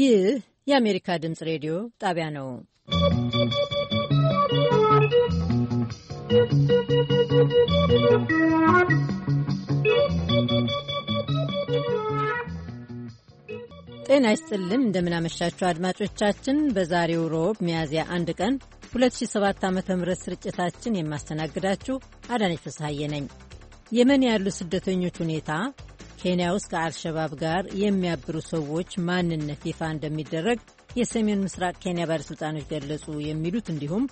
ይህ የአሜሪካ ድምፅ ሬዲዮ ጣቢያ ነው። ጤና ይስጥልን፣ እንደምናመሻችሁ አድማጮቻችን። በዛሬው ሮብ ሚያዝያ አንድ ቀን 2007 ም ስርጭታችን የማስተናግዳችሁ አዳነች ፍስሐዬ ነኝ። የመን ያሉ ስደተኞች ሁኔታ፣ ኬንያ ውስጥ ከአልሸባብ ጋር የሚያብሩ ሰዎች ማንነት ይፋ እንደሚደረግ የሰሜን ምስራቅ ኬንያ ባለሥልጣኖች ገለጹ፣ የሚሉት እንዲሁም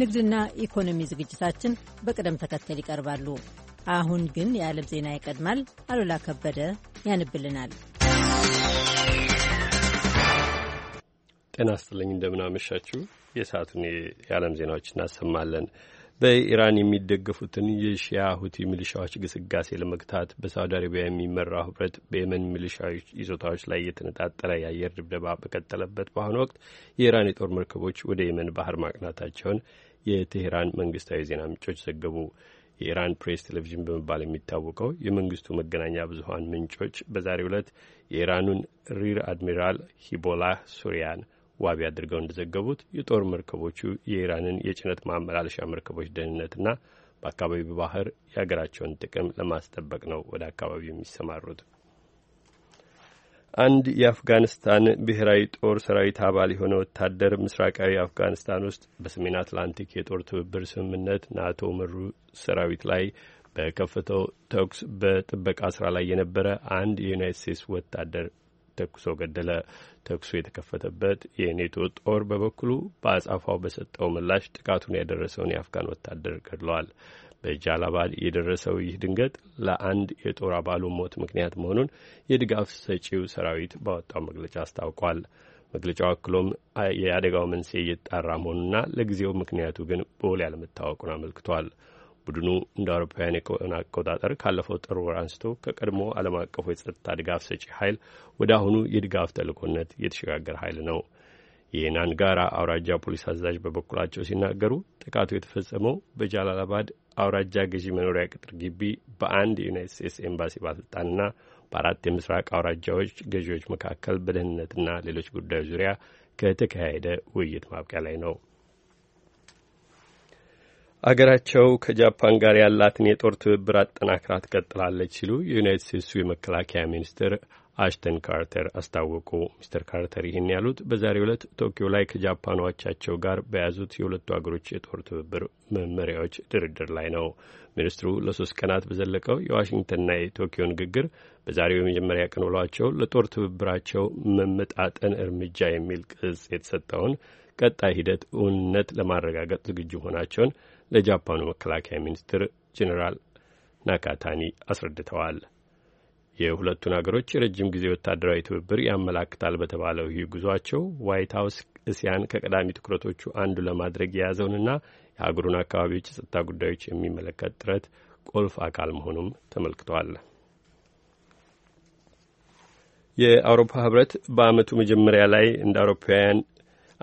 ንግድና ኢኮኖሚ ዝግጅታችን በቅደም ተከተል ይቀርባሉ። አሁን ግን የዓለም ዜና ይቀድማል። አሉላ ከበደ ያንብልናል። ጤና ስጥልኝ፣ እንደምናመሻችሁ። የሰዓቱን የዓለም ዜናዎች እናሰማለን። በኢራን የሚደገፉትን የሺያ ሁቲ ሚሊሻዎች ግስጋሴ ለመግታት በሳውዲ አረቢያ የሚመራው ህብረት በየመን ሚሊሻዎች ይዞታዎች ላይ የተነጣጠረ የአየር ድብደባ በቀጠለበት በአሁኑ ወቅት የኢራን የጦር መርከቦች ወደ የመን ባህር ማቅናታቸውን የቴሄራን መንግስታዊ ዜና ምንጮች ዘገቡ። የኢራን ፕሬስ ቴሌቪዥን በመባል የሚታወቀው የመንግስቱ መገናኛ ብዙሀን ምንጮች በዛሬው ዕለት የኢራኑን ሪር አድሚራል ሂቦላህ ሱሪያን ዋቢ አድርገው እንደዘገቡት የጦር መርከቦቹ የኢራንን የጭነት ማመላለሻ መርከቦች ደህንነትና በአካባቢው በባህር የሀገራቸውን ጥቅም ለማስጠበቅ ነው ወደ አካባቢው የሚሰማሩት። አንድ የአፍጋኒስታን ብሔራዊ ጦር ሰራዊት አባል የሆነ ወታደር ምስራቃዊ አፍጋኒስታን ውስጥ በሰሜን አትላንቲክ የጦር ትብብር ስምምነት ናቶ መሩ ሰራዊት ላይ በከፍተው ተኩስ በጥበቃ ስራ ላይ የነበረ አንድ የዩናይት ስቴትስ ወታደር ተኩሶ ገደለ። ተኩሱ የተከፈተበት የኔቶ ጦር በበኩሉ በአጻፋው በሰጠው ምላሽ ጥቃቱን ያደረሰውን የአፍጋን ወታደር ገድለዋል። በጃላባድ የደረሰው ይህ ድንገት ለአንድ የጦር አባሉ ሞት ምክንያት መሆኑን የድጋፍ ሰጪው ሰራዊት ባወጣው መግለጫ አስታውቋል። መግለጫው አክሎም የአደጋው መንስኤ እየተጣራ መሆኑና ለጊዜው ምክንያቱ ግን በውል ያለመታወቁን አመልክቷል። ቡድኑ እንደ አውሮፓውያን የቀን አቆጣጠር ካለፈው ጥር ወር አንስቶ ከቀድሞ ዓለም አቀፉ የጸጥታ ድጋፍ ሰጪ ኃይል ወደ አሁኑ የድጋፍ ተልእኮነት የተሸጋገረ ኃይል ነው። የናንጋራ አውራጃ ፖሊስ አዛዥ በበኩላቸው ሲናገሩ ጥቃቱ የተፈጸመው በጃላላባድ አውራጃ ገዢ መኖሪያ ቅጥር ግቢ በአንድ የዩናይት ስቴትስ ኤምባሲ ባለስልጣንና በአራት የምስራቅ አውራጃዎች ገዢዎች መካከል በደህንነትና ሌሎች ጉዳዮች ዙሪያ ከተካሄደ ውይይት ማብቂያ ላይ ነው። አገራቸው ከጃፓን ጋር ያላትን የጦር ትብብር አጠናክራ ትቀጥላለች ሲሉ የዩናይትድ ስቴትሱ የመከላከያ ሚኒስትር አሽተን ካርተር አስታወቁ። ሚስተር ካርተር ይህን ያሉት በዛሬው ዕለት ቶኪዮ ላይ ከጃፓን አቻቸው ጋር በያዙት የሁለቱ አገሮች የጦር ትብብር መመሪያዎች ድርድር ላይ ነው። ሚኒስትሩ ለሶስት ቀናት በዘለቀው የዋሽንግተንና የቶኪዮ ንግግር በዛሬው የመጀመሪያ ቀን ውሏቸው ለጦር ትብብራቸው መመጣጠን እርምጃ የሚል ቅጽ የተሰጠውን ቀጣይ ሂደት እውንነት ለማረጋገጥ ዝግጁ መሆናቸውን ለጃፓኑ መከላከያ ሚኒስትር ጄኔራል ናካታኒ አስረድተዋል። የሁለቱን አገሮች የረጅም ጊዜ ወታደራዊ ትብብር ያመላክታል በተባለው ይህ ጉዟቸው ዋይት ሀውስ እስያን ከቀዳሚ ትኩረቶቹ አንዱ ለማድረግ የያዘውንና የሀገሩን አካባቢዎች የጸጥታ ጉዳዮች የሚመለከት ጥረት ቁልፍ አካል መሆኑም ተመልክቷል። የአውሮፓ ህብረት በአመቱ መጀመሪያ ላይ እንደ አውሮፓውያን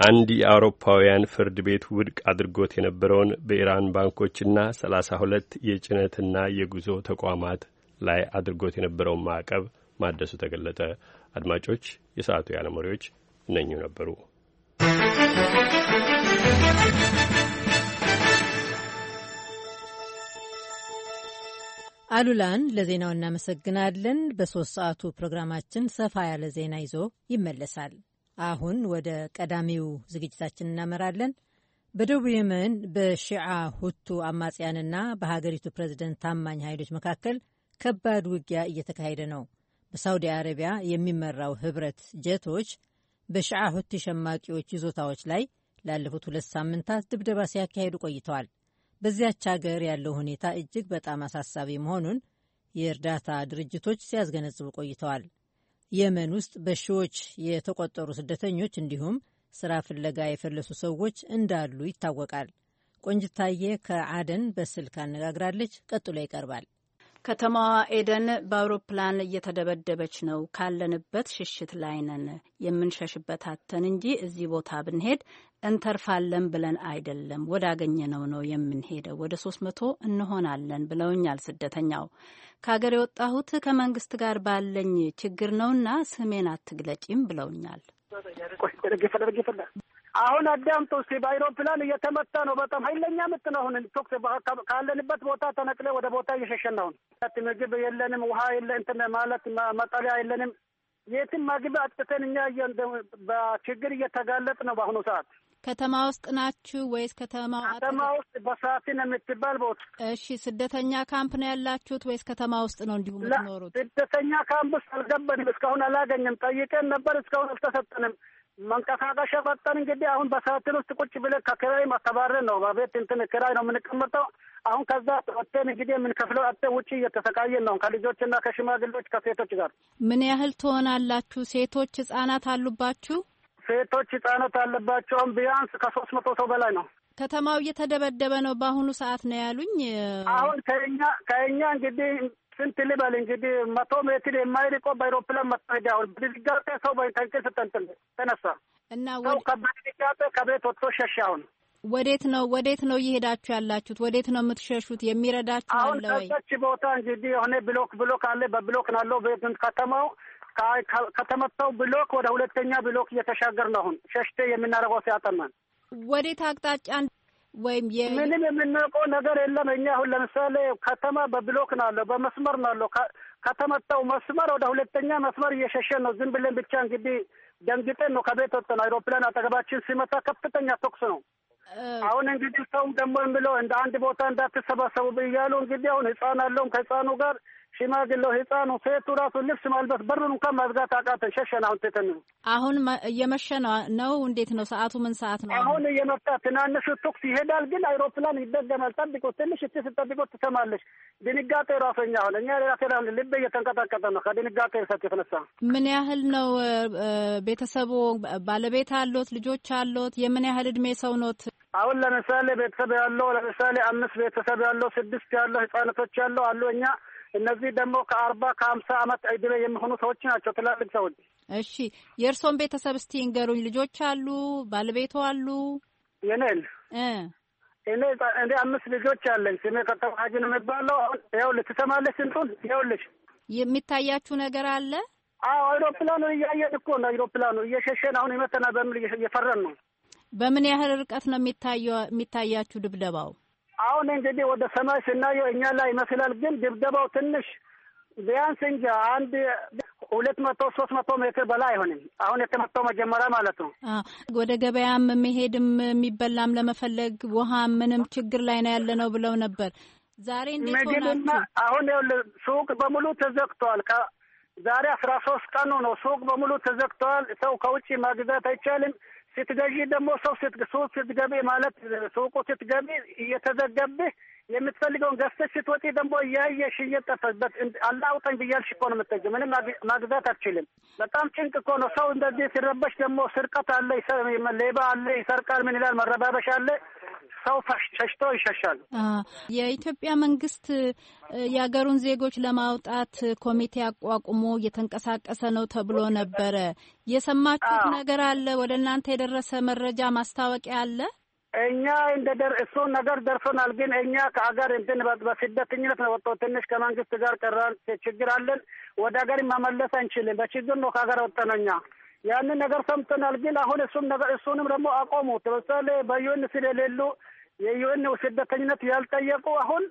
አንድ የአውሮፓውያን ፍርድ ቤት ውድቅ አድርጎት የነበረውን በኢራን ባንኮችና ሰላሳ ሁለት የጭነትና የጉዞ ተቋማት ላይ አድርጎት የነበረውን ማዕቀብ ማደሱ ተገለጠ። አድማጮች፣ የሰዓቱ የዓለም ወሬዎች እነኚሁ ነበሩ። አሉላን ለዜናው እናመሰግናለን። በሶስት ሰዓቱ ፕሮግራማችን ሰፋ ያለ ዜና ይዞ ይመለሳል። አሁን ወደ ቀዳሚው ዝግጅታችን እናመራለን። በደቡብ የመን በሺዓ ሁቱ አማጽያንና በሀገሪቱ ፕሬዚደንት ታማኝ ኃይሎች መካከል ከባድ ውጊያ እየተካሄደ ነው። በሳውዲ አረቢያ የሚመራው ህብረት ጀቶች በሺዓ ሁቲ ሸማቂዎች ይዞታዎች ላይ ላለፉት ሁለት ሳምንታት ድብደባ ሲያካሄዱ ቆይተዋል። በዚያች ሀገር ያለው ሁኔታ እጅግ በጣም አሳሳቢ መሆኑን የእርዳታ ድርጅቶች ሲያስገነዝቡ ቆይተዋል። የመን ውስጥ በሺዎች የተቆጠሩ ስደተኞች እንዲሁም ስራ ፍለጋ የፈለሱ ሰዎች እንዳሉ ይታወቃል። ቆንጅታዬ ከአደን በስልክ አነጋግራለች። ቀጥሎ ይቀርባል። ከተማዋ ኤደን በአውሮፕላን እየተደበደበች ነው። ካለንበት ሽሽት ላይ ነን። የምንሸሽበት አተን እንጂ እዚህ ቦታ ብንሄድ እንተርፋለን ብለን አይደለም። ወዳገኘነው ነው የምንሄደው። ወደ ሶስት መቶ እንሆናለን ብለውኛል። ስደተኛው ከሀገር የወጣሁት ከመንግስት ጋር ባለኝ ችግር ነውና ስሜን አትግለጪም ብለውኛል። አሁን አዳምጡ እስኪ በአይሮፕላን እየተመታ ነው። በጣም ኃይለኛ ምት ነው። አሁን ቶክስ ካለንበት ቦታ ተነቅለ ወደ ቦታ እየሸሸን ነው። ምግብ የለንም፣ ውሃ የለ እንትን ማለት መጠለያ የለንም። የትም ማግቢ አጥተን እኛ በችግር እየተጋለጥ ነው። በአሁኑ ሰዓት ከተማ ውስጥ ናችሁ ወይስ ከተማ ከተማ ውስጥ በሰዓትን የምትባል ቦታ? እሺ ስደተኛ ካምፕ ነው ያላችሁት ወይስ ከተማ ውስጥ ነው እንዲሁ የምትኖሩት? ስደተኛ ካምፕ ውስጥ አልገባንም። እስካሁን አላገኘም። ጠይቀን ነበር። እስካሁን አልተሰጠንም። መንቀሳቀሻ ፈጠን እንግዲህ አሁን በሳጥን ውስጥ ቁጭ ብለን ከክራይ ማስተባረ ነው። በቤት እንትን ክራይ ነው የምንቀመጠው። አሁን ከዛ ወጥተን እንግዲህ የምንከፍለው አጠ ውጭ እየተሰቃየን ነው ከልጆችና ከሽማግሌዎች ከሴቶች ጋር። ምን ያህል ትሆናላችሁ? ሴቶች ህጻናት አሉባችሁ? ሴቶች ህጻናት አለባቸውም። ቢያንስ ከሶስት መቶ ሰው በላይ ነው። ከተማው እየተደበደበ ነው በአሁኑ ሰዓት ነው ያሉኝ። አሁን ከኛ ከኛ እንግዲህ ስንት ልበል እንግዲህ መቶ ሜትር የማይርቆ በአይሮፕላን መታደ አሁን በድንጋጤ ሰው በእንቅልፍ ተነሳ እና ሰው በድንጋጤ ከቤት ወጥቶ ሸሽ አሁን ወዴት ነው ወዴት ነው እየሄዳችሁ ያላችሁት? ወዴት ነው የምትሸሹት? የሚረዳችሁ አለ ወይ? ከዛች ቦታ እንግዲህ የሆነ ብሎክ ብሎክ አለ። በብሎክ ናለው ከተማው ከተመታው ብሎክ ወደ ሁለተኛ ብሎክ እየተሻገር ነው አሁን ሸሽቴ የምናደርገው ሲያጠናን ወዴት አቅጣጫ ወይም ምንም የምናውቀው ነገር የለም። እኛ አሁን ለምሳሌ ከተማ በብሎክ ነው አለው በመስመር ነው አለው ከተመጣው መስመር ወደ ሁለተኛ መስመር እየሸሸን ነው። ዝም ብለን ብቻ እንግዲህ ደንግጠን ነው ከቤት ወጥተን አይሮፕላን አጠገባችን ሲመታ ከፍተኛ ተኩስ ነው። አሁን እንግዲህ ሰውም ደግሞ የሚለው እንደ አንድ ቦታ እንዳትሰባሰቡ እያሉ እንግዲህ አሁን ህፃን አለውም ከህፃኑ ጋር ሽማግሌው፣ ህፃኑ፣ ሴቱ ራሱ ልብስ ማልበስ በሩን እንኳን ማዝጋት አቃተን፣ ሸሸን። አሁን ትተን አሁን እየመሸ ነው። እንዴት ነው ሰዓቱ? ምን ሰዓት ነው? አሁን እየመጣ ትናንሹ ተኩስ ይሄዳል፣ ግን አይሮፕላን ይደገማል። ጠብቆ ትንሽ እቲ ስጠብቆ ትሰማለች። ድንጋጤ ራሰኛ አሁን እኛ ሌላ ሴራ እየተንቀጠቀጠ ነው ከድንጋጤ ሰት የተነሳ። ምን ያህል ነው ቤተሰቡ? ባለቤት አሎት? ልጆች አሎት? የምን ያህል እድሜ ሰው ኖት? አሁን ለምሳሌ ቤተሰብ ያለው ለምሳሌ አምስት ቤተሰብ ያለው ስድስት ያለው ህጻነቶች ያለው አሉ እኛ እነዚህ ደግሞ ከአርባ ከአምሳ አመት እድሜ የሚሆኑ ሰዎች ናቸው፣ ትላልቅ ሰዎች። እሺ የእርስዎን ቤተሰብ እስቲ እንገሩኝ። ልጆች አሉ? ባለቤቱ አሉ? የኔን እኔ እንደ አምስት ልጆች አለኝ። ስሜ ከተዋጅ ነው የሚባለው። ይኸውልሽ ትሰማለሽ? ስንቱን ይኸውልሽ፣ የሚታያችሁ ነገር አለ? አዎ አይሮፕላኑ እያየን እኮ ነው። አይሮፕላኑ እየሸሸን አሁን ይመተና በምን እየፈረን ነው። በምን ያህል ርቀት ነው የሚታየው የሚታያችሁ ድብደባው? አሁን እንግዲህ ወደ ሰማይ ስናየው እኛ ላይ ይመስላል፣ ግን ድብደባው ትንሽ ቢያንስ እንጂ አንድ ሁለት መቶ ሶስት መቶ ሜትር በላይ አይሆንም። አሁን የተመታው መጀመሪያ ማለት ነው። ወደ ገበያም መሄድም የሚበላም ለመፈለግ ውሃ ምንም ችግር ላይ ነው ያለ ነው ብለው ነበር። ዛሬ ምግብና አሁን ሱቅ በሙሉ ተዘግተዋል። ዛሬ አስራ ሶስት ቀኑ ነው። ሱቅ በሙሉ ተዘግተዋል። ሰው ከውጭ ማግዛት አይቻልም። ስትገዢ ደግሞ ሰው ሱቅ ስትገቢ ማለት ሱቁ ስትገቢ እየተዘገብህ የምትፈልገውን ገዝተሽ ስትወጪ ደግሞ እያየሽ እየጠፈበት አላውጠኝ ብያልሽ እኮ ነው የምትገ ምንም ማግዛት አትችልም። በጣም ጭንቅ እኮ ነው። ሰው እንደዚህ ሲረበሽ ደግሞ ስርቀት አለ፣ ሌባ አለ፣ ይሰርቃል። ምን ይላል መረባበሽ አለ። ሰው ሸሽቶ ይሸሻሉ። የኢትዮጵያ መንግስት የሀገሩን ዜጎች ለማውጣት ኮሚቴ አቋቁሞ እየተንቀሳቀሰ ነው ተብሎ ነበረ። የሰማችሁት ነገር አለ? ወደ እናንተ የደረሰ መረጃ ማስታወቂያ አለ? እኛ እንደ ደር እሱን ነገር ደርሶናል። ግን እኛ ከአገር እንትን በስደተኝነት ነው ወጣው። ትንሽ ከመንግስት ጋር ቀራን፣ ችግር አለን። ወደ ሀገር መመለስ አንችልም። በችግር ነው ከሀገር ወጣነው እኛ ያንን ነገር ሰምተናል። ግን አሁን እሱም ነገር እሱንም ደግሞ አቆሙት። ለምሳሌ በዩኤን ስለሌሉ የዩኤን ስደተኝነት ያልጠየቁ አሁን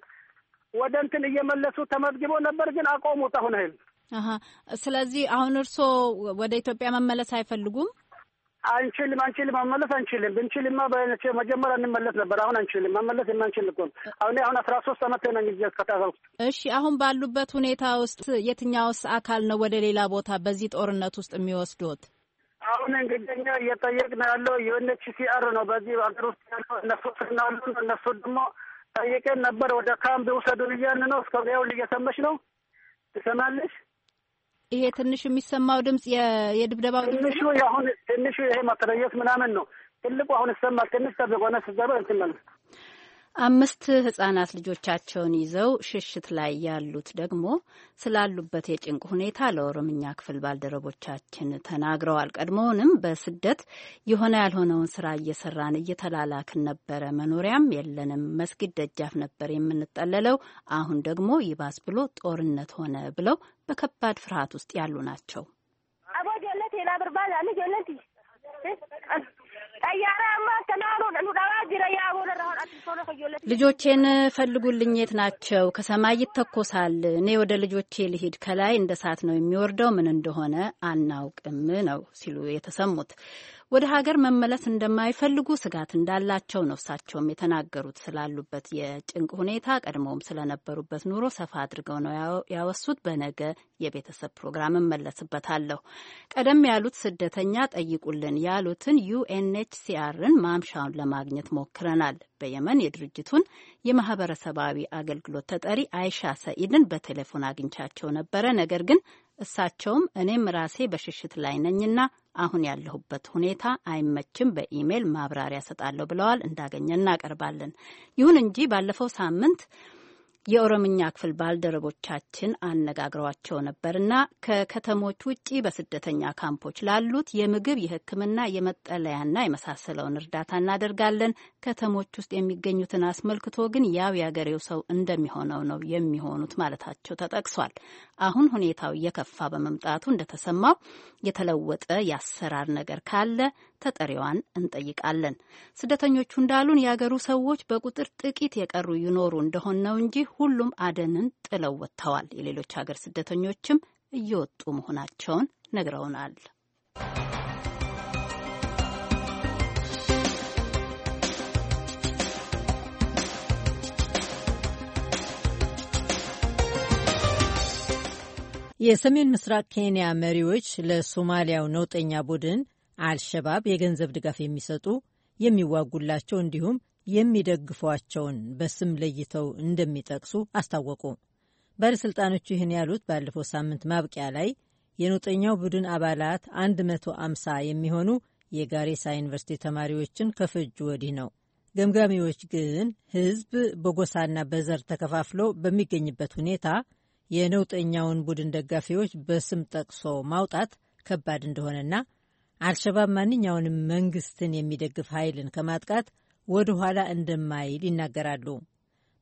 ወደ እንትን እየመለሱ ተመዝግቦ ነበር፣ ግን አቆሙት አሁን ይል ስለዚህ አሁን እርስዎ ወደ ኢትዮጵያ መመለስ አይፈልጉም? አንችልም፣ አንችልም፣ መመለስ አንችልም። ብንችልማ መጀመሪያ እንመለስ ነበር። አሁን አንችልም፣ መመለስ የማንችል እኮ አሁን አሁን አስራ ሶስት አመት ነኝ ጊዜ እስከታገልኩት። እሺ፣ አሁን ባሉበት ሁኔታ ውስጥ የትኛውስ አካል ነው ወደ ሌላ ቦታ በዚህ ጦርነት ውስጥ የሚወስዶት? አሁን እንግዲህ እየጠየቅ ነው ያለው የሆነች ሲአር ነው። በዚህ ሀገር ውስጥ ያለው እነሱ ስናሉ እነሱ ደግሞ ጠይቀን ነበር። ወደ ካምፕ ውሰዱን እያን ነው እስከ ያውል እየሰመች ነው ትሰማለች። ይሄ ትንሽ የሚሰማው ድምፅ የድብደባው ትንሹ አሁን ትንሹ ይሄ ማተረየት ምናምን ነው። ትልቁ አሁን ይሰማል። ትንሽ ተብቆነ ስዘበ እንትመልስ አምስት ህጻናት ልጆቻቸውን ይዘው ሽሽት ላይ ያሉት ደግሞ ስላሉበት የጭንቅ ሁኔታ ለኦሮምኛ ክፍል ባልደረቦቻችን ተናግረዋል። ቀድሞውንም በስደት የሆነ ያልሆነውን ስራ እየሰራን እየተላላክን ነበረ። መኖሪያም የለንም። መስጊድ ደጃፍ ነበር የምንጠለለው። አሁን ደግሞ ይባስ ብሎ ጦርነት ሆነ ብለው በከባድ ፍርሃት ውስጥ ያሉ ናቸው። ልጆቼን ፈልጉልኝ፣ የት ናቸው? ከሰማይ ይተኮሳል። እኔ ወደ ልጆቼ ልሂድ። ከላይ እንደ እሳት ነው የሚወርደው፣ ምን እንደሆነ አናውቅም ነው ሲሉ የተሰሙት። ወደ ሀገር መመለስ እንደማይፈልጉ ስጋት እንዳላቸው ነው እሳቸውም የተናገሩት። ስላሉበት የጭንቅ ሁኔታ ቀድሞውም ስለነበሩበት ኑሮ ሰፋ አድርገው ነው ያወሱት። በነገ የቤተሰብ ፕሮግራም እመለስበታለሁ። ቀደም ያሉት ስደተኛ ጠይቁልን ያሉትን ዩኤንኤችሲአርን ማምሻውን ለማግኘት ሞክረናል። በየመን የድርጅቱን የማህበረሰባዊ አገልግሎት ተጠሪ አይሻ ሰኢድን በቴሌፎን አግኝቻቸው ነበረ ነገር ግን እሳቸውም እኔም ራሴ በሽሽት ላይ ነኝና አሁን ያለሁበት ሁኔታ አይመችም፣ በኢሜይል ማብራሪያ ሰጣለሁ ብለዋል። እንዳገኘ እናቀርባለን። ይሁን እንጂ ባለፈው ሳምንት የኦሮምኛ ክፍል ባልደረቦቻችን አነጋግሯቸው ነበርና ከከተሞች ውጭ በስደተኛ ካምፖች ላሉት የምግብ፣ የሕክምና፣ የመጠለያና የመሳሰለውን እርዳታ እናደርጋለን። ከተሞች ውስጥ የሚገኙትን አስመልክቶ ግን ያው የአገሬው ሰው እንደሚሆነው ነው የሚሆኑት ማለታቸው ተጠቅሷል። አሁን ሁኔታው እየከፋ በመምጣቱ እንደተሰማው የተለወጠ የአሰራር ነገር ካለ ተጠሪዋን እንጠይቃለን። ስደተኞቹ እንዳሉን የአገሩ ሰዎች በቁጥር ጥቂት የቀሩ ይኖሩ እንደሆን ነው እንጂ ሁሉም አደንን ጥለው ወጥተዋል። የሌሎች ሀገር ስደተኞችም እየወጡ መሆናቸውን ነግረውናል። የሰሜን ምስራቅ ኬንያ መሪዎች ለሶማሊያው ነውጠኛ ቡድን አልሸባብ የገንዘብ ድጋፍ የሚሰጡ የሚዋጉላቸው እንዲሁም የሚደግፏቸውን በስም ለይተው እንደሚጠቅሱ አስታወቁ። ባለሥልጣኖቹ ይህን ያሉት ባለፈው ሳምንት ማብቂያ ላይ የነውጠኛው ቡድን አባላት 150 የሚሆኑ የጋሬሳ ዩኒቨርሲቲ ተማሪዎችን ከፈጁ ወዲህ ነው። ገምጋሚዎች ግን ሕዝብ በጎሳና በዘር ተከፋፍሎ በሚገኝበት ሁኔታ የነውጠኛውን ቡድን ደጋፊዎች በስም ጠቅሶ ማውጣት ከባድ እንደሆነና አልሸባብ ማንኛውንም መንግስትን የሚደግፍ ኃይልን ከማጥቃት ወደ ኋላ እንደማይል ይናገራሉ።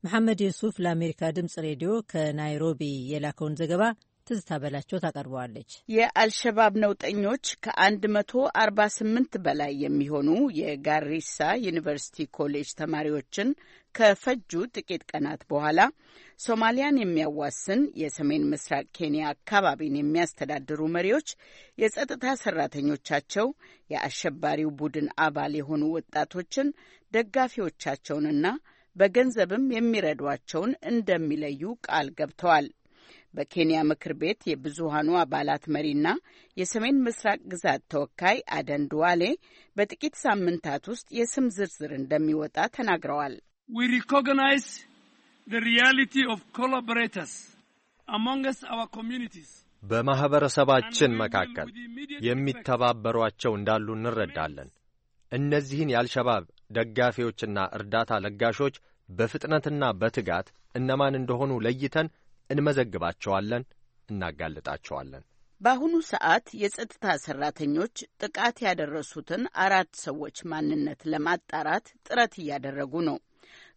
መሐመድ የሱፍ ለአሜሪካ ድምፅ ሬዲዮ ከናይሮቢ የላከውን ዘገባ ትዝታ በላቸው ታቀርበዋለች። የአልሸባብ ነውጠኞች ከ148 በላይ የሚሆኑ የጋሪሳ ዩኒቨርሲቲ ኮሌጅ ተማሪዎችን ከፈጁ ጥቂት ቀናት በኋላ ሶማሊያን የሚያዋስን የሰሜን ምስራቅ ኬንያ አካባቢን የሚያስተዳድሩ መሪዎች የጸጥታ ሰራተኞቻቸው የአሸባሪው ቡድን አባል የሆኑ ወጣቶችን፣ ደጋፊዎቻቸውንና በገንዘብም የሚረዷቸውን እንደሚለዩ ቃል ገብተዋል። በኬንያ ምክር ቤት የብዙሃኑ አባላት መሪና የሰሜን ምስራቅ ግዛት ተወካይ አደን ዱዋሌ በጥቂት ሳምንታት ውስጥ የስም ዝርዝር እንደሚወጣ ተናግረዋል። the reality of collaborators us our communities በማኅበረሰባችን መካከል የሚተባበሯቸው እንዳሉ እንረዳለን። እነዚህን የአልሸባብ ደጋፊዎችና እርዳታ ለጋሾች በፍጥነትና በትጋት እነማን እንደሆኑ ለይተን እንመዘግባቸዋለን፣ እናጋልጣቸዋለን። በአሁኑ ሰዓት የጸጥታ ሠራተኞች ጥቃት ያደረሱትን አራት ሰዎች ማንነት ለማጣራት ጥረት እያደረጉ ነው።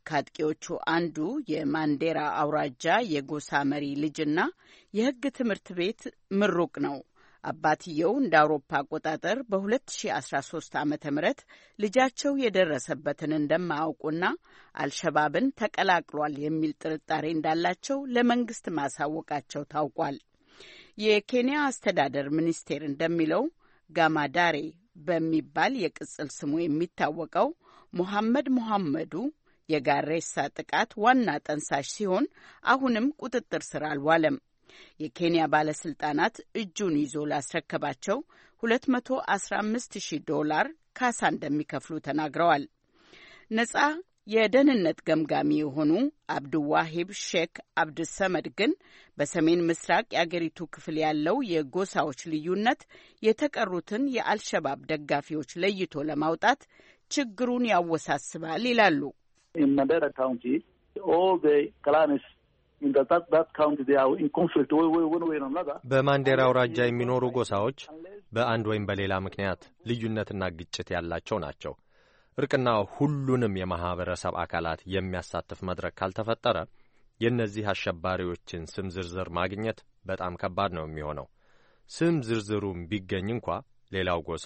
ከአጥቂዎቹ አንዱ የማንዴራ አውራጃ የጎሳ መሪ ልጅና የሕግ ትምህርት ቤት ምሩቅ ነው። አባትየው እንደ አውሮፓ አቆጣጠር በ2013 ዓ ም ልጃቸው የደረሰበትን እንደማያውቁና አልሸባብን ተቀላቅሏል የሚል ጥርጣሬ እንዳላቸው ለመንግስት ማሳወቃቸው ታውቋል። የኬንያ አስተዳደር ሚኒስቴር እንደሚለው ጋማዳሬ በሚባል የቅጽል ስሙ የሚታወቀው ሞሐመድ ሞሐመዱ የጋሬሳ ጥቃት ዋና ጠንሳሽ ሲሆን አሁንም ቁጥጥር ስር አልዋለም። የኬንያ ባለስልጣናት እጁን ይዞ ላስረከባቸው 215,000 ዶላር ካሳ እንደሚከፍሉ ተናግረዋል። ነጻ የደህንነት ገምጋሚ የሆኑ አብዱዋሂብ ሼክ አብድሰመድ ግን በሰሜን ምስራቅ የአገሪቱ ክፍል ያለው የጎሳዎች ልዩነት የተቀሩትን የአልሸባብ ደጋፊዎች ለይቶ ለማውጣት ችግሩን ያወሳስባል ይላሉ። in Mandera County, all the clans in the, that, that county they are in conflict one way or another. በማንዴራ አውራጃ የሚኖሩ ጎሳዎች በአንድ ወይም በሌላ ምክንያት ልዩነትና ግጭት ያላቸው ናቸው። እርቅና ሁሉንም የማህበረሰብ አካላት የሚያሳትፍ መድረክ ካልተፈጠረ የእነዚህ አሸባሪዎችን ስም ዝርዝር ማግኘት በጣም ከባድ ነው የሚሆነው። ስም ዝርዝሩም ቢገኝ እንኳ ሌላው ጎሳ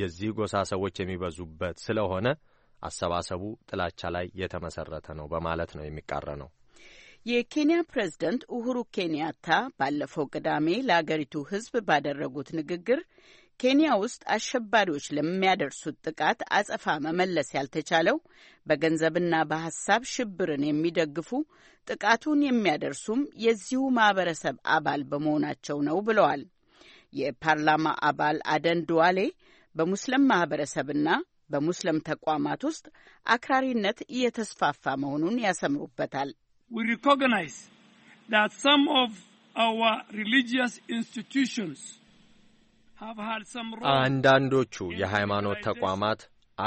የዚህ ጎሳ ሰዎች የሚበዙበት ስለሆነ አሰባሰቡ ጥላቻ ላይ የተመሰረተ ነው በማለት ነው የሚቃረነው። የኬንያ ፕሬዝደንት ኡሁሩ ኬንያታ ባለፈው ቅዳሜ ለአገሪቱ ሕዝብ ባደረጉት ንግግር ኬንያ ውስጥ አሸባሪዎች ለሚያደርሱት ጥቃት አጸፋ መመለስ ያልተቻለው በገንዘብና በሐሳብ ሽብርን የሚደግፉ ጥቃቱን የሚያደርሱም የዚሁ ማህበረሰብ አባል በመሆናቸው ነው ብለዋል። የፓርላማ አባል አደን ዱዋሌ በሙስሊም ማህበረሰብና በሙስሊም ተቋማት ውስጥ አክራሪነት እየተስፋፋ መሆኑን ያሰምሩበታል። አንዳንዶቹ የሃይማኖት ተቋማት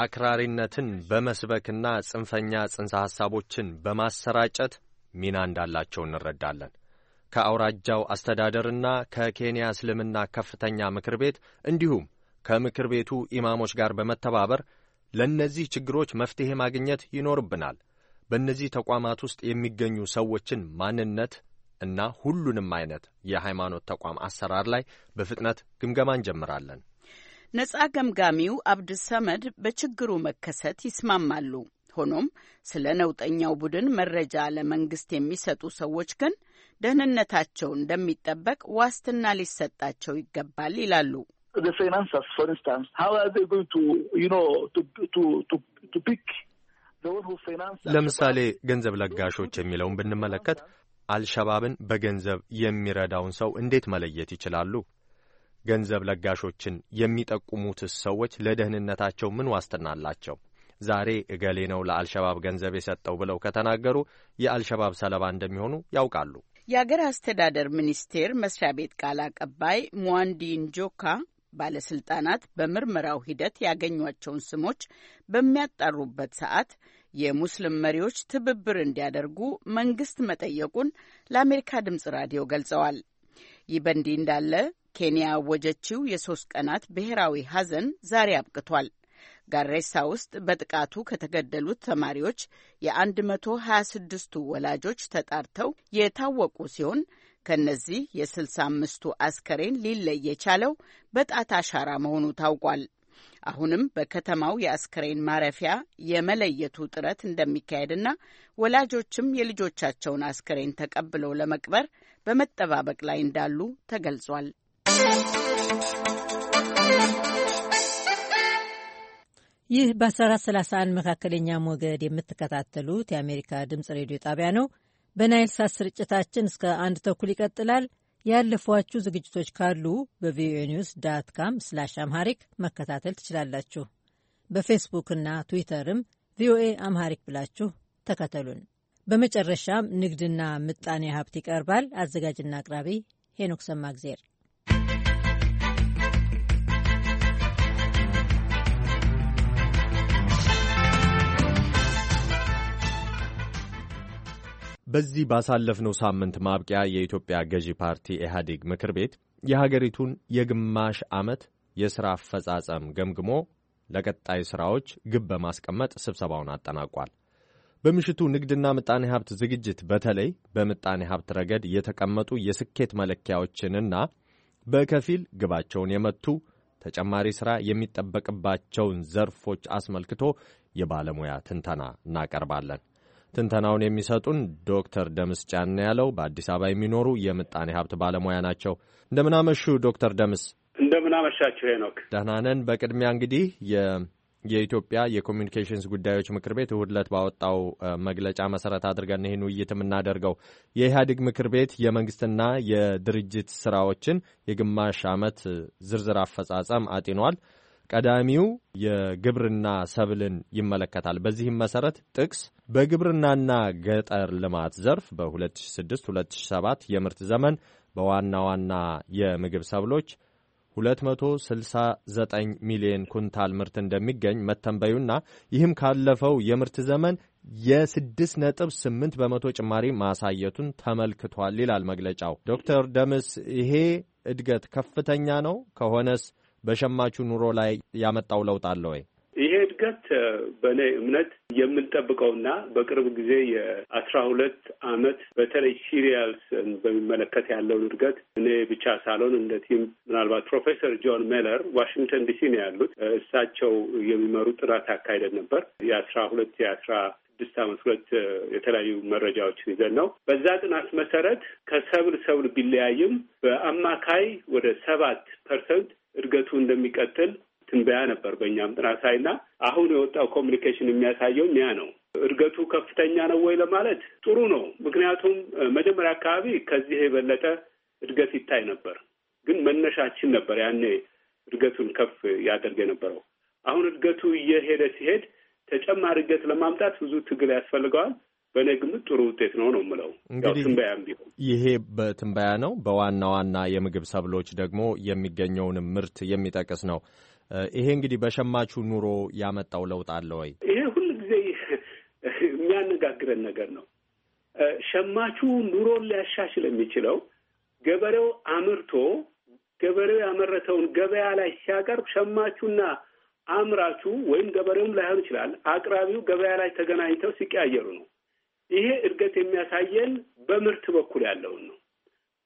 አክራሪነትን በመስበክና ጽንፈኛ ጽንሰ ሐሳቦችን በማሰራጨት ሚና እንዳላቸው እንረዳለን። ከአውራጃው አስተዳደርና ከኬንያ እስልምና ከፍተኛ ምክር ቤት እንዲሁም ከምክር ቤቱ ኢማሞች ጋር በመተባበር ለእነዚህ ችግሮች መፍትሔ ማግኘት ይኖርብናል። በእነዚህ ተቋማት ውስጥ የሚገኙ ሰዎችን ማንነት እና ሁሉንም አይነት የሃይማኖት ተቋም አሰራር ላይ በፍጥነት ግምገማ እንጀምራለን። ነጻ ገምጋሚው አብድሰመድ በችግሩ መከሰት ይስማማሉ። ሆኖም ስለ ነውጠኛው ቡድን መረጃ ለመንግስት የሚሰጡ ሰዎች ግን ደህንነታቸው እንደሚጠበቅ ዋስትና ሊሰጣቸው ይገባል ይላሉ። the finances, for instance, how are they going to, you know, to, to, to, to pick ለምሳሌ ገንዘብ ለጋሾች የሚለውን ብንመለከት አልሸባብን በገንዘብ የሚረዳውን ሰው እንዴት መለየት ይችላሉ? ገንዘብ ለጋሾችን የሚጠቁሙትስ ሰዎች ለደህንነታቸው ምን ዋስትና አላቸው? ዛሬ እገሌ ነው ለአልሸባብ ገንዘብ የሰጠው ብለው ከተናገሩ የአልሸባብ ሰለባ እንደሚሆኑ ያውቃሉ። የአገር አስተዳደር ሚኒስቴር መስሪያ ቤት ቃል አቀባይ ሙዋንዲ ንጆካ ባለስልጣናት በምርመራው ሂደት ያገኟቸውን ስሞች በሚያጣሩበት ሰዓት የሙስሊም መሪዎች ትብብር እንዲያደርጉ መንግስት መጠየቁን ለአሜሪካ ድምፅ ራዲዮ ገልጸዋል። ይህ በእንዲህ እንዳለ ኬንያ ያወጀችው የሶስት ቀናት ብሔራዊ ሐዘን ዛሬ አብቅቷል። ጋሬሳ ውስጥ በጥቃቱ ከተገደሉት ተማሪዎች የ126ቱ ወላጆች ተጣርተው የታወቁ ሲሆን ከነዚህ የስልሳ አምስቱ አስከሬን ሊለይ የቻለው በጣት አሻራ መሆኑ ታውቋል። አሁንም በከተማው የአስከሬን ማረፊያ የመለየቱ ጥረት እንደሚካሄድና ወላጆችም የልጆቻቸውን አስከሬን ተቀብለው ለመቅበር በመጠባበቅ ላይ እንዳሉ ተገልጿል። ይህ በ1431 መካከለኛ ሞገድ የምትከታተሉት የአሜሪካ ድምፅ ሬዲዮ ጣቢያ ነው። በናይል ሳት ስርጭታችን እስከ አንድ ተኩል ይቀጥላል። ያለፏችሁ ዝግጅቶች ካሉ በቪኦኤ ኒውስ ዳት ካም ስላሽ አምሃሪክ መከታተል ትችላላችሁ። በፌስቡክና ትዊተርም ቪኦኤ አምሃሪክ ብላችሁ ተከተሉን። በመጨረሻም ንግድና ምጣኔ ሀብት ይቀርባል። አዘጋጅና አቅራቢ ሄኖክ ሰማግዜር በዚህ ባሳለፍነው ሳምንት ማብቂያ የኢትዮጵያ ገዢ ፓርቲ ኢህአዴግ ምክር ቤት የሀገሪቱን የግማሽ ዓመት የሥራ አፈጻጸም ገምግሞ ለቀጣይ ሥራዎች ግብ በማስቀመጥ ስብሰባውን አጠናቋል። በምሽቱ ንግድና ምጣኔ ሀብት ዝግጅት በተለይ በምጣኔ ሀብት ረገድ የተቀመጡ የስኬት መለኪያዎችንና በከፊል ግባቸውን የመቱ ተጨማሪ ሥራ የሚጠበቅባቸውን ዘርፎች አስመልክቶ የባለሙያ ትንተና እናቀርባለን። ትንተናውን የሚሰጡን ዶክተር ደምስ ጫና ያለው በአዲስ አበባ የሚኖሩ የምጣኔ ሀብት ባለሙያ ናቸው። እንደምናመሹ ዶክተር ደምስ። እንደምናመሻችሁ ሄኖክ። ደህና ነን። በቅድሚያ እንግዲህ የኢትዮጵያ የኮሚኒኬሽንስ ጉዳዮች ምክር ቤት እሁድ ዕለት ባወጣው መግለጫ መሰረት አድርገን ይህን ውይይት የምናደርገው የኢህአዴግ ምክር ቤት የመንግስትና የድርጅት ስራዎችን የግማሽ ዓመት ዝርዝር አፈጻጸም አጢኗል። ቀዳሚው የግብርና ሰብልን ይመለከታል። በዚህም መሰረት ጥቅስ በግብርናና ገጠር ልማት ዘርፍ በ2006/2007 የምርት ዘመን በዋና ዋና የምግብ ሰብሎች 269 ሚሊዮን ኩንታል ምርት እንደሚገኝ መተንበዩና ይህም ካለፈው የምርት ዘመን የ6.8 በመቶ ጭማሪ ማሳየቱን ተመልክቷል ይላል መግለጫው። ዶክተር ደምስ ይሄ እድገት ከፍተኛ ነው ከሆነስ በሸማቹ ኑሮ ላይ ያመጣው ለውጥ አለ ወይ? ይሄ እድገት በእኔ እምነት የምንጠብቀውና በቅርብ ጊዜ የአስራ ሁለት አመት በተለይ ሲሪያልስን በሚመለከት ያለውን እድገት እኔ ብቻ ሳልሆን እንደ ቲም ምናልባት ፕሮፌሰር ጆን ሜለር ዋሽንግተን ዲሲ ነው ያሉት። እሳቸው የሚመሩ ጥናት አካሄደን ነበር የአስራ ሁለት የአስራ ስድስት አመት ሁለት የተለያዩ መረጃዎችን ይዘን ነው። በዛ ጥናት መሰረት ከሰብል ሰብል ቢለያይም በአማካይ ወደ ሰባት ፐርሰንት እድገቱ እንደሚቀጥል ትንበያ ነበር በእኛም ጥናት ላይ እና አሁን የወጣው ኮሚኒኬሽን የሚያሳየውም ያ ነው። እድገቱ ከፍተኛ ነው ወይ ለማለት ጥሩ ነው። ምክንያቱም መጀመሪያ አካባቢ ከዚህ የበለጠ እድገት ይታይ ነበር፣ ግን መነሻችን ነበር ያኔ እድገቱን ከፍ ያደርግ የነበረው። አሁን እድገቱ እየሄደ ሲሄድ ተጨማሪ እድገት ለማምጣት ብዙ ትግል ያስፈልገዋል። በእኔ ግምት ጥሩ ውጤት ነው ነው የምለው። እንግዲህ ትንበያም ቢሆን ይሄ በትንበያ ነው። በዋና ዋና የምግብ ሰብሎች ደግሞ የሚገኘውንም ምርት የሚጠቅስ ነው። ይሄ እንግዲህ በሸማቹ ኑሮ ያመጣው ለውጥ አለ ወይ? ይሄ ሁል ጊዜ የሚያነጋግረን ነገር ነው። ሸማቹ ኑሮን ሊያሻሽል የሚችለው ገበሬው አምርቶ ገበሬው ያመረተውን ገበያ ላይ ሲያቀርብ ሸማቹና አምራቹ ወይም ገበሬውም ላይሆን ይችላል አቅራቢው ገበያ ላይ ተገናኝተው ሲቀያየሩ ነው። ይሄ እድገት የሚያሳየን በምርት በኩል ያለውን ነው።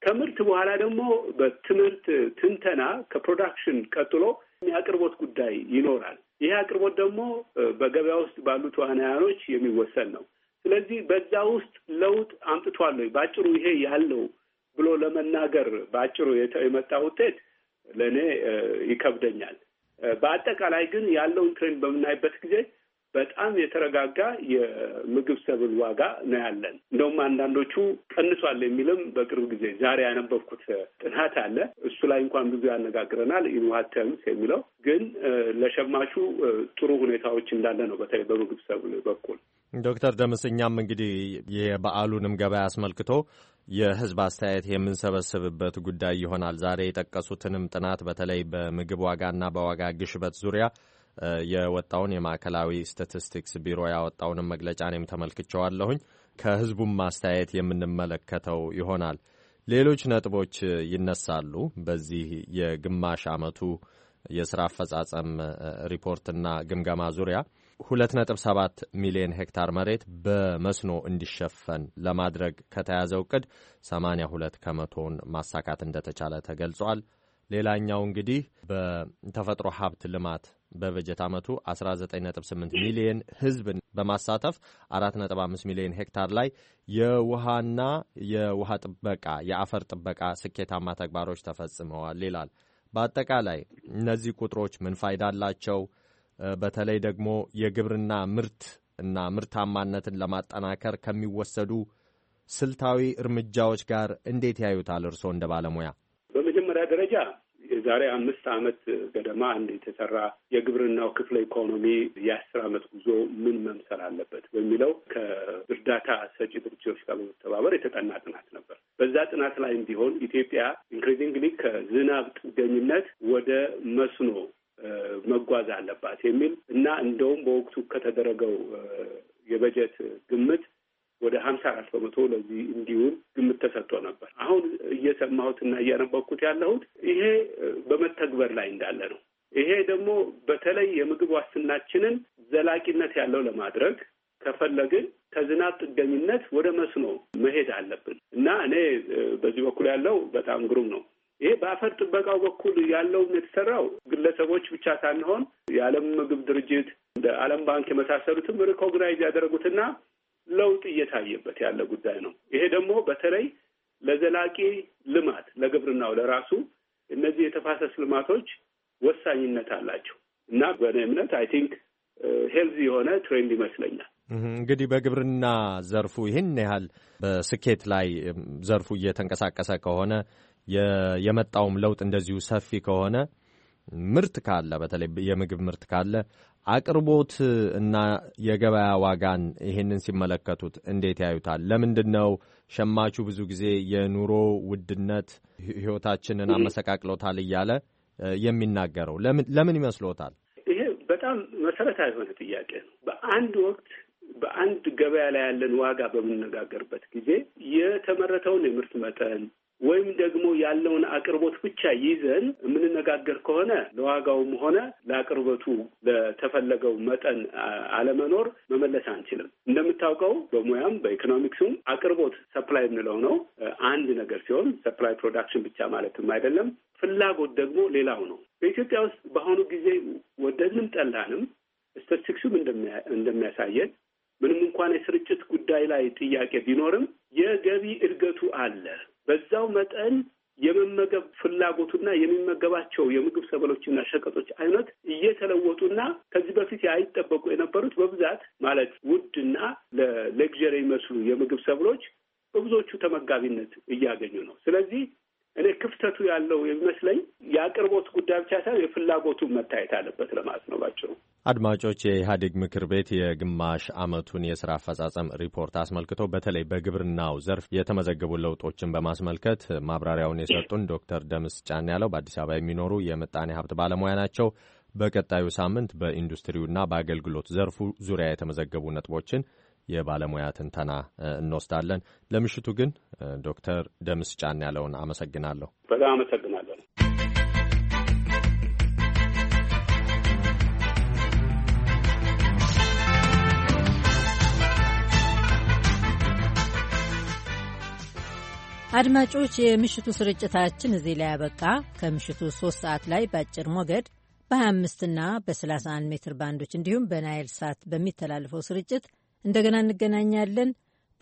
ከምርት በኋላ ደግሞ በትምህርት ትንተና ከፕሮዳክሽን ቀጥሎ የአቅርቦት ጉዳይ ይኖራል። ይሄ አቅርቦት ደግሞ በገበያ ውስጥ ባሉ ተዋናያኖች የሚወሰን ነው። ስለዚህ በዛ ውስጥ ለውጥ አምጥቷል ወይ በአጭሩ ይሄ ያለው ብሎ ለመናገር በአጭሩ የመጣ ውጤት ለእኔ ይከብደኛል። በአጠቃላይ ግን ያለውን ትሬንድ በምናይበት ጊዜ በጣም የተረጋጋ የምግብ ሰብል ዋጋ ነው ያለን። እንደውም አንዳንዶቹ ቀንሷል የሚልም በቅርብ ጊዜ ዛሬ ያነበብኩት ጥናት አለ። እሱ ላይ እንኳን ብዙ ያነጋግረናል። ኢንዋተምስ የሚለው ግን ለሸማቹ ጥሩ ሁኔታዎች እንዳለ ነው፣ በተለይ በምግብ ሰብል በኩል። ዶክተር ደምስ እኛም እንግዲህ የበዓሉንም ገበያ አስመልክቶ የህዝብ አስተያየት የምንሰበስብበት ጉዳይ ይሆናል። ዛሬ የጠቀሱትንም ጥናት በተለይ በምግብ ዋጋና በዋጋ ግሽበት ዙሪያ የወጣውን የማዕከላዊ ስታቲስቲክስ ቢሮ ያወጣውንም መግለጫ እኔም ተመልክቸዋለሁኝ። ከህዝቡም ማስተያየት የምንመለከተው ይሆናል። ሌሎች ነጥቦች ይነሳሉ በዚህ የግማሽ ዓመቱ የስራ አፈጻጸም ሪፖርትና ግምገማ ዙሪያ 2.7 ሚሊዮን ሄክታር መሬት በመስኖ እንዲሸፈን ለማድረግ ከተያዘው እቅድ 82 ከመቶውን ማሳካት እንደተቻለ ተገልጿል። ሌላኛው እንግዲህ በተፈጥሮ ሀብት ልማት በበጀት ዓመቱ 19.8 ሚሊዮን ህዝብን በማሳተፍ 4.5 ሚሊየን ሄክታር ላይ የውሃና የውሃ ጥበቃ የአፈር ጥበቃ ስኬታማ ተግባሮች ተፈጽመዋል ይላል። በአጠቃላይ እነዚህ ቁጥሮች ምን ፋይዳ አላቸው? በተለይ ደግሞ የግብርና ምርት እና ምርታማነትን ለማጠናከር ከሚወሰዱ ስልታዊ እርምጃዎች ጋር እንዴት ያዩታል እርስዎ እንደ ባለሙያ? በመጀመሪያ ደረጃ የዛሬ አምስት ዓመት ገደማ አንድ የተሰራ የግብርናው ክፍለ ኢኮኖሚ የአስር ዓመት ጉዞ ምን መምሰል አለበት በሚለው ከእርዳታ ሰጪ ድርጅቶች ጋር በመተባበር የተጠና ጥናት ነበር። በዛ ጥናት ላይም ቢሆን ኢትዮጵያ ኢንክሪዚንግሊ ከዝናብ ጥገኝነት ወደ መስኖ መጓዝ አለባት የሚል እና እንደውም በወቅቱ ከተደረገው የበጀት ግምት ወደ ሀምሳ አራት በመቶ ለዚህ እንዲሁም ግምት ተሰጥቶ ነበር። አሁን እየሰማሁትና እያነበኩት ያለሁት ይሄ በመተግበር ላይ እንዳለ ነው። ይሄ ደግሞ በተለይ የምግብ ዋስትናችንን ዘላቂነት ያለው ለማድረግ ከፈለግን ከዝናብ ጥገኝነት ወደ መስኖ መሄድ አለብን እና እኔ በዚህ በኩል ያለው በጣም ግሩም ነው። ይሄ በአፈር ጥበቃው በኩል ያለው የተሰራው ግለሰቦች ብቻ ሳንሆን የዓለም ምግብ ድርጅት እንደ ዓለም ባንክ የመሳሰሉትም ሪኮግናይዝ ያደረጉትና ለውጥ እየታየበት ያለ ጉዳይ ነው። ይሄ ደግሞ በተለይ ለዘላቂ ልማት ለግብርናው ለራሱ እነዚህ የተፋሰስ ልማቶች ወሳኝነት አላቸው እና በእኔ እምነት አይ ቲንክ ሄልዚ የሆነ ትሬንድ ይመስለኛል። እንግዲህ በግብርና ዘርፉ ይህን ያህል በስኬት ላይ ዘርፉ እየተንቀሳቀሰ ከሆነ የመጣውም ለውጥ እንደዚሁ ሰፊ ከሆነ ምርት ካለ በተለይ የምግብ ምርት ካለ አቅርቦት እና የገበያ ዋጋን ይህንን ሲመለከቱት እንዴት ያዩታል? ለምንድን ነው ሸማቹ ብዙ ጊዜ የኑሮ ውድነት ሕይወታችንን አመሰቃቅሎታል እያለ የሚናገረው ለምን ይመስሎታል? ይሄ በጣም መሰረታዊ የሆነ ጥያቄ ነው። በአንድ ወቅት በአንድ ገበያ ላይ ያለን ዋጋ በምንነጋገርበት ጊዜ የተመረተውን የምርት መጠን ወይም ደግሞ ያለውን አቅርቦት ብቻ ይዘን የምንነጋገር ከሆነ ለዋጋውም ሆነ ለአቅርቦቱ ለተፈለገው መጠን አለመኖር መመለስ አንችልም። እንደምታውቀው በሙያም በኢኮኖሚክሱም አቅርቦት ሰፕላይ የምንለው ነው። አንድ ነገር ሲሆን ሰፕላይ ፕሮዳክሽን ብቻ ማለትም አይደለም። ፍላጎት ደግሞ ሌላው ነው። በኢትዮጵያ ውስጥ በአሁኑ ጊዜ ወደንም ጠላንም ስታቲስቲክሱም እንደሚያሳየን ምንም እንኳን የስርጭት ጉዳይ ላይ ጥያቄ ቢኖርም የገቢ እድገቱ አለ። በዛው መጠን የመመገብ ፍላጎቱና የሚመገባቸው የምግብ ሰበሎችና ሸቀጦች አይነት እየተለወጡና ከዚህ በፊት አይጠበቁ የነበሩት በብዛት ማለት ውድና ለሌግዠሪ የሚመስሉ የምግብ ሰብሎች በብዙዎቹ ተመጋቢነት እያገኙ ነው። ስለዚህ እኔ ክፍተቱ ያለው የሚመስለኝ የአቅርቦት ጉዳይ ብቻ ሳይሆን የፍላጎቱ መታየት አለበት ለማለት ነው ባጭሩ። አድማጮች የኢህአዴግ ምክር ቤት የግማሽ ዓመቱን የስራ አፈጻጸም ሪፖርት አስመልክቶ በተለይ በግብርናው ዘርፍ የተመዘገቡ ለውጦችን በማስመልከት ማብራሪያውን የሰጡን ዶክተር ደምስ ጫን ያለው በአዲስ አበባ የሚኖሩ የምጣኔ ሀብት ባለሙያ ናቸው። በቀጣዩ ሳምንት በኢንዱስትሪውና በአገልግሎት ዘርፉ ዙሪያ የተመዘገቡ ነጥቦችን የባለሙያ ትንተና እንወስዳለን። ለምሽቱ ግን ዶክተር ደምስ ጫን ያለውን አመሰግናለሁ። በጣም አመሰግናለሁ። አድማጮች፣ የምሽቱ ስርጭታችን እዚህ ላይ ያበቃ። ከምሽቱ ሶስት ሰዓት ላይ በአጭር ሞገድ በ25 እና በ31 ሜትር ባንዶች እንዲሁም በናይል ሳት በሚተላለፈው ስርጭት እንደገና እንገናኛለን።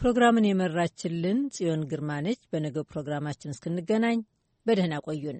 ፕሮግራምን የመራችልን ጽዮን ግርማ ነች። በነገው ፕሮግራማችን እስክንገናኝ በደህና ቆዩን።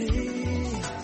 eternity.